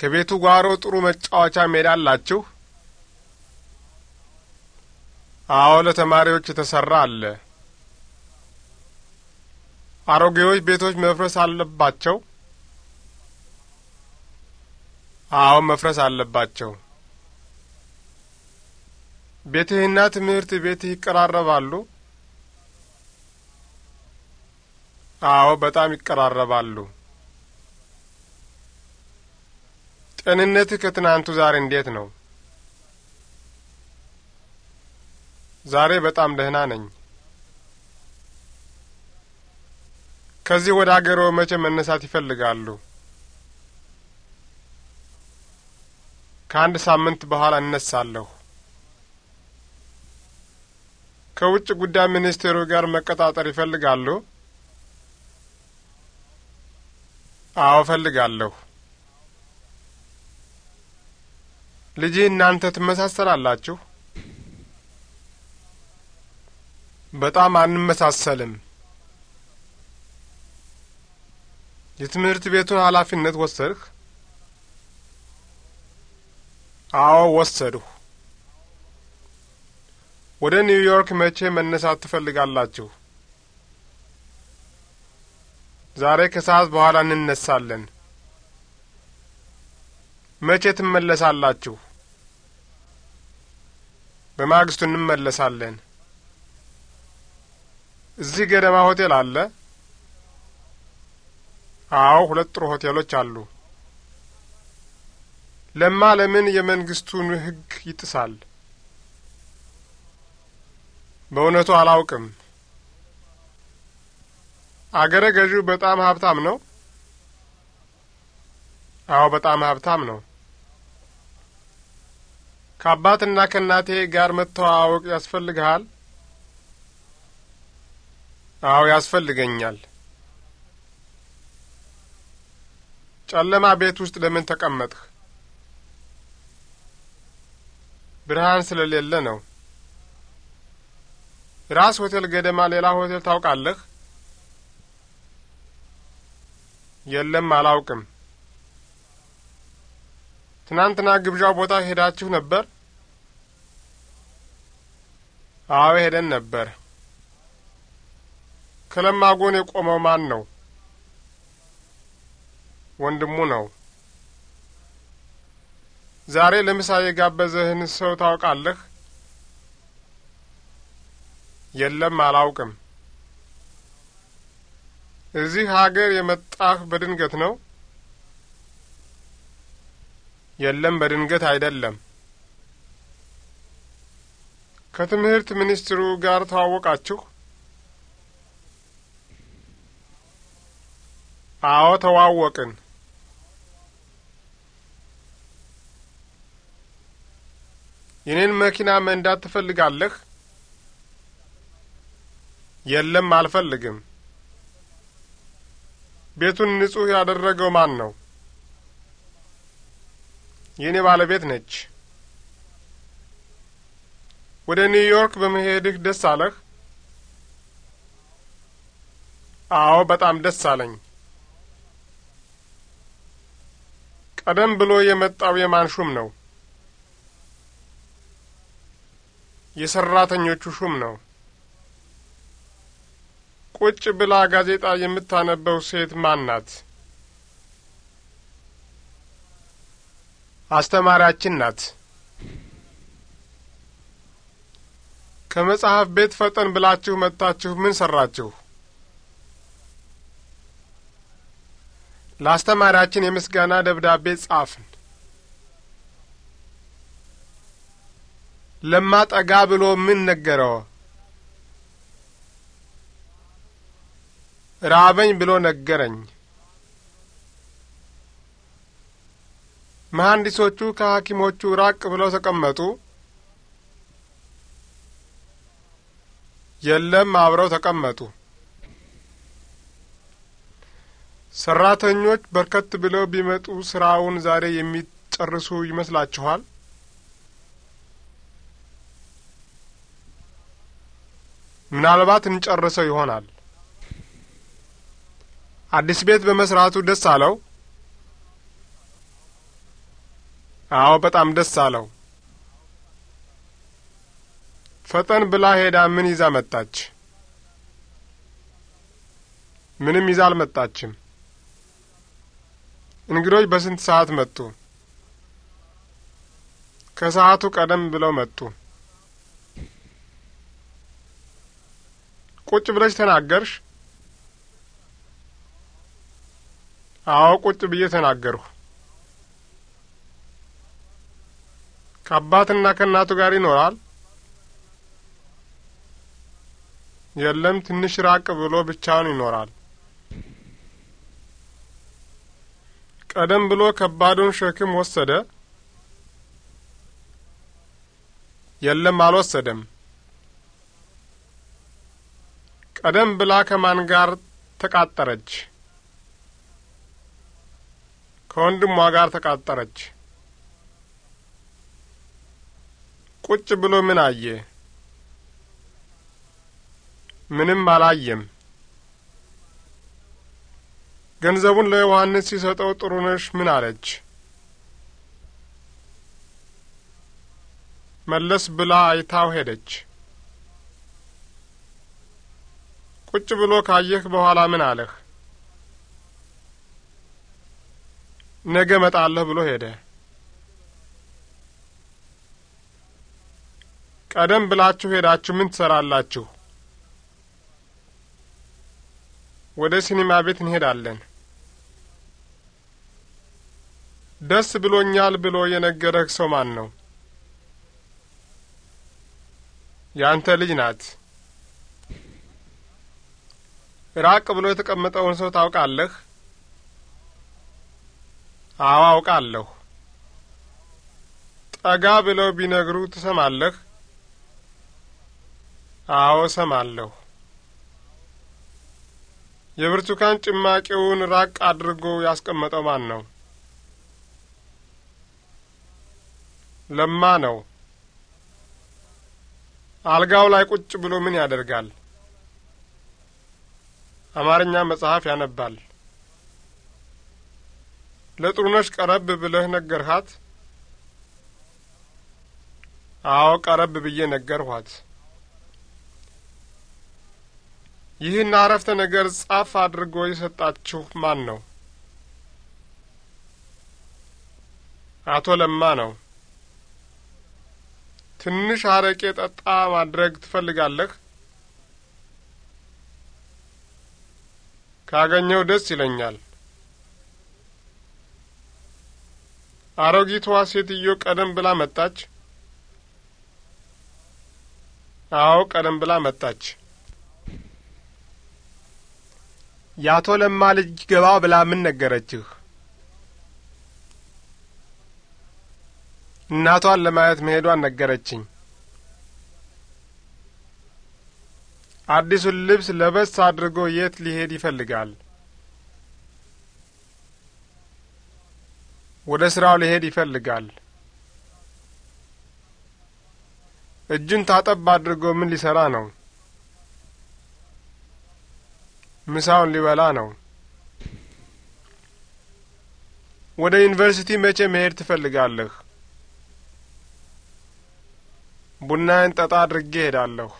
ከቤቱ ጓሮ ጥሩ መጫወቻ ሜዳ አላችሁ? አዎ፣ ለተማሪዎች የተሰራ አለ። አሮጌዎች ቤቶች መፍረስ አለባቸው? አዎ፣ መፍረስ አለባቸው። ቤትህና ትምህርት ቤትህ ይቀራረባሉ? አዎ፣ በጣም ይቀራረባሉ። ጤንነትህ ከትናንቱ ዛሬ እንዴት ነው? ዛሬ በጣም ደህና ነኝ። ከዚህ ወደ አገሮ መቼ መነሳት ይፈልጋሉ? ከአንድ ሳምንት በኋላ እነሳለሁ። ከውጭ ጉዳይ ሚኒስቴሩ ጋር መቀጣጠር ይፈልጋሉ? አዎ እፈልጋለሁ። ልጄ እናንተ ትመሳሰላላችሁ? በጣም አንመሳሰልም። የትምህርት ቤቱን ኃላፊነት ወሰድህ? አዎ ወሰድሁ። ወደ ኒውዮርክ መቼ መነሳት ትፈልጋላችሁ? ዛሬ ከሰዓት በኋላ እንነሳለን። መቼ ትመለሳላችሁ? በማግስቱ እንመለሳለን። እዚህ ገደማ ሆቴል አለ? አዎ፣ ሁለት ጥሩ ሆቴሎች አሉ። ለማ ለምን የመንግስቱን ሕግ ይጥሳል? በእውነቱ አላውቅም። አገረ ገዢው በጣም ሀብታም ነው? አዎ፣ በጣም ሀብታም ነው። ከአባትና ከእናቴ ጋር መተዋወቅ ያስፈልግሃል? አዎ ያስፈልገኛል። ጨለማ ቤት ውስጥ ለምን ተቀመጥህ? ብርሃን ስለሌለ ነው። ራስ ሆቴል ገደማ ሌላ ሆቴል ታውቃለህ? የለም፣ አላውቅም። ትናንትና ግብዣው ቦታ ሄዳችሁ ነበር? አዎ ሄደን ነበር። ከለማ ጎን የቆመው ማን ነው? ወንድሙ ነው። ዛሬ ለምሳ የጋበዘህን ሰው ታውቃለህ? የለም፣ አላውቅም። እዚህ ሀገር የመጣህ በድንገት ነው? የለም፣ በድንገት አይደለም። ከትምህርት ሚኒስትሩ ጋር ተዋወቃችሁ? አዎ ተዋወቅን። የኔን መኪና መንዳት ትፈልጋለህ? የለም አልፈልግም። ቤቱን ንጹህ ያደረገው ማን ነው? የኔ ባለቤት ነች። ወደ ኒውዮርክ በመሄድህ ደስ አለህ? አዎ፣ በጣም ደስ አለኝ። ቀደም ብሎ የመጣው የማን ሹም ነው? የሰራተኞቹ ሹም ነው። ቁጭ ብላ ጋዜጣ የምታነበው ሴት ማን ናት? አስተማሪያችን ናት። ከመጽሐፍ ቤት ፈጠን ብላችሁ መጥታችሁ ምን ሰራችሁ? ለአስተማሪያችን የምስጋና ደብዳቤ ጻፍን። ለማ ጠጋ ብሎ ምን ነገረው? ራበኝ ብሎ ነገረኝ። መሐንዲሶቹ ከሐኪሞቹ ራቅ ብለው ተቀመጡ። የለም፣ አብረው ተቀመጡ። ሰራተኞች በርከት ብለው ቢመጡ ስራውን ዛሬ የሚጨርሱ ይመስላችኋል? ምናልባት እንጨርሰው ይሆናል። አዲስ ቤት በመስራቱ ደስ አለው? አዎ፣ በጣም ደስ አለው። ፈጠን ብላ ሄዳ ምን ይዛ መጣች? ምንም ይዛ አልመጣችም። እንግዶች በስንት ሰዓት መጡ? ከሰዓቱ ቀደም ብለው መጡ። ቁጭ ብለሽ ተናገርሽ? አዎ ቁጭ ብዬ ተናገርሁ። ከአባትና ከእናቱ ጋር ይኖራል? የለም ትንሽ ራቅ ብሎ ብቻውን ይኖራል። ቀደም ብሎ ከባዱን ሸክም ወሰደ። የለም አልወሰደም። ቀደም ብላ ከማን ጋር ተቃጠረች? ከወንድሟ ጋር ተቃጠረች። ቁጭ ብሎ ምን አየ? ምንም አላየም። ገንዘቡን ለዮሐንስ ሲሰጠው ጥሩነሽ ምን አለች? መለስ ብላ አይታው ሄደች። ቁጭ ብሎ ካየህ በኋላ ምን አለህ? ነገ መጣለህ ብሎ ሄደ። ቀደም ብላችሁ ሄዳችሁ ምን ትሰራላችሁ? ወደ ሲኒማ ቤት እንሄዳለን። ደስ ብሎኛል ብሎ የነገረህ ሰው ማን ነው? ያንተ ልጅ ናት። ራቅ ብሎ የተቀመጠውን ሰው ታውቃለህ? አዎ አውቃለሁ። ጠጋ ብለው ቢነግሩ ትሰማለህ? አዎ እሰማለሁ። የብርቱካን ጭማቂውን ራቅ አድርጎ ያስቀመጠው ማን ነው? ለማ ነው። አልጋው ላይ ቁጭ ብሎ ምን ያደርጋል? አማርኛ መጽሐፍ ያነባል። ለጥሩነሽ ቀረብ ብለህ ነገርሃት? አዎ፣ ቀረብ ብዬ ነገርኋት። ይህን አረፍተ ነገር ጻፍ አድርጎ የሰጣችሁ ማን ነው? አቶ ለማ ነው። ትንሽ አረቄ ጠጣ ማድረግ ትፈልጋለህ? ካገኘው ደስ ይለኛል። አሮጊቷ ሴትዮ ቀደም ብላ መጣች። አዎ፣ ቀደም ብላ መጣች። የአቶ ለማ ልጅ ገባ ብላ ምን ነገረችህ? እናቷን ለማየት መሄዷን ነገረችኝ። አዲሱን ልብስ ለበስ አድርጎ የት ሊሄድ ይፈልጋል? ወደ ስራው ሊሄድ ይፈልጋል። እጁን ታጠብ አድርጎ ምን ሊሰራ ነው? ምሳውን ሊበላ ነው። ወደ ዩኒቨርሲቲ መቼ መሄድ ትፈልጋለህ? ቡናዬን ጠጣ አድርጌ እሄዳለሁ።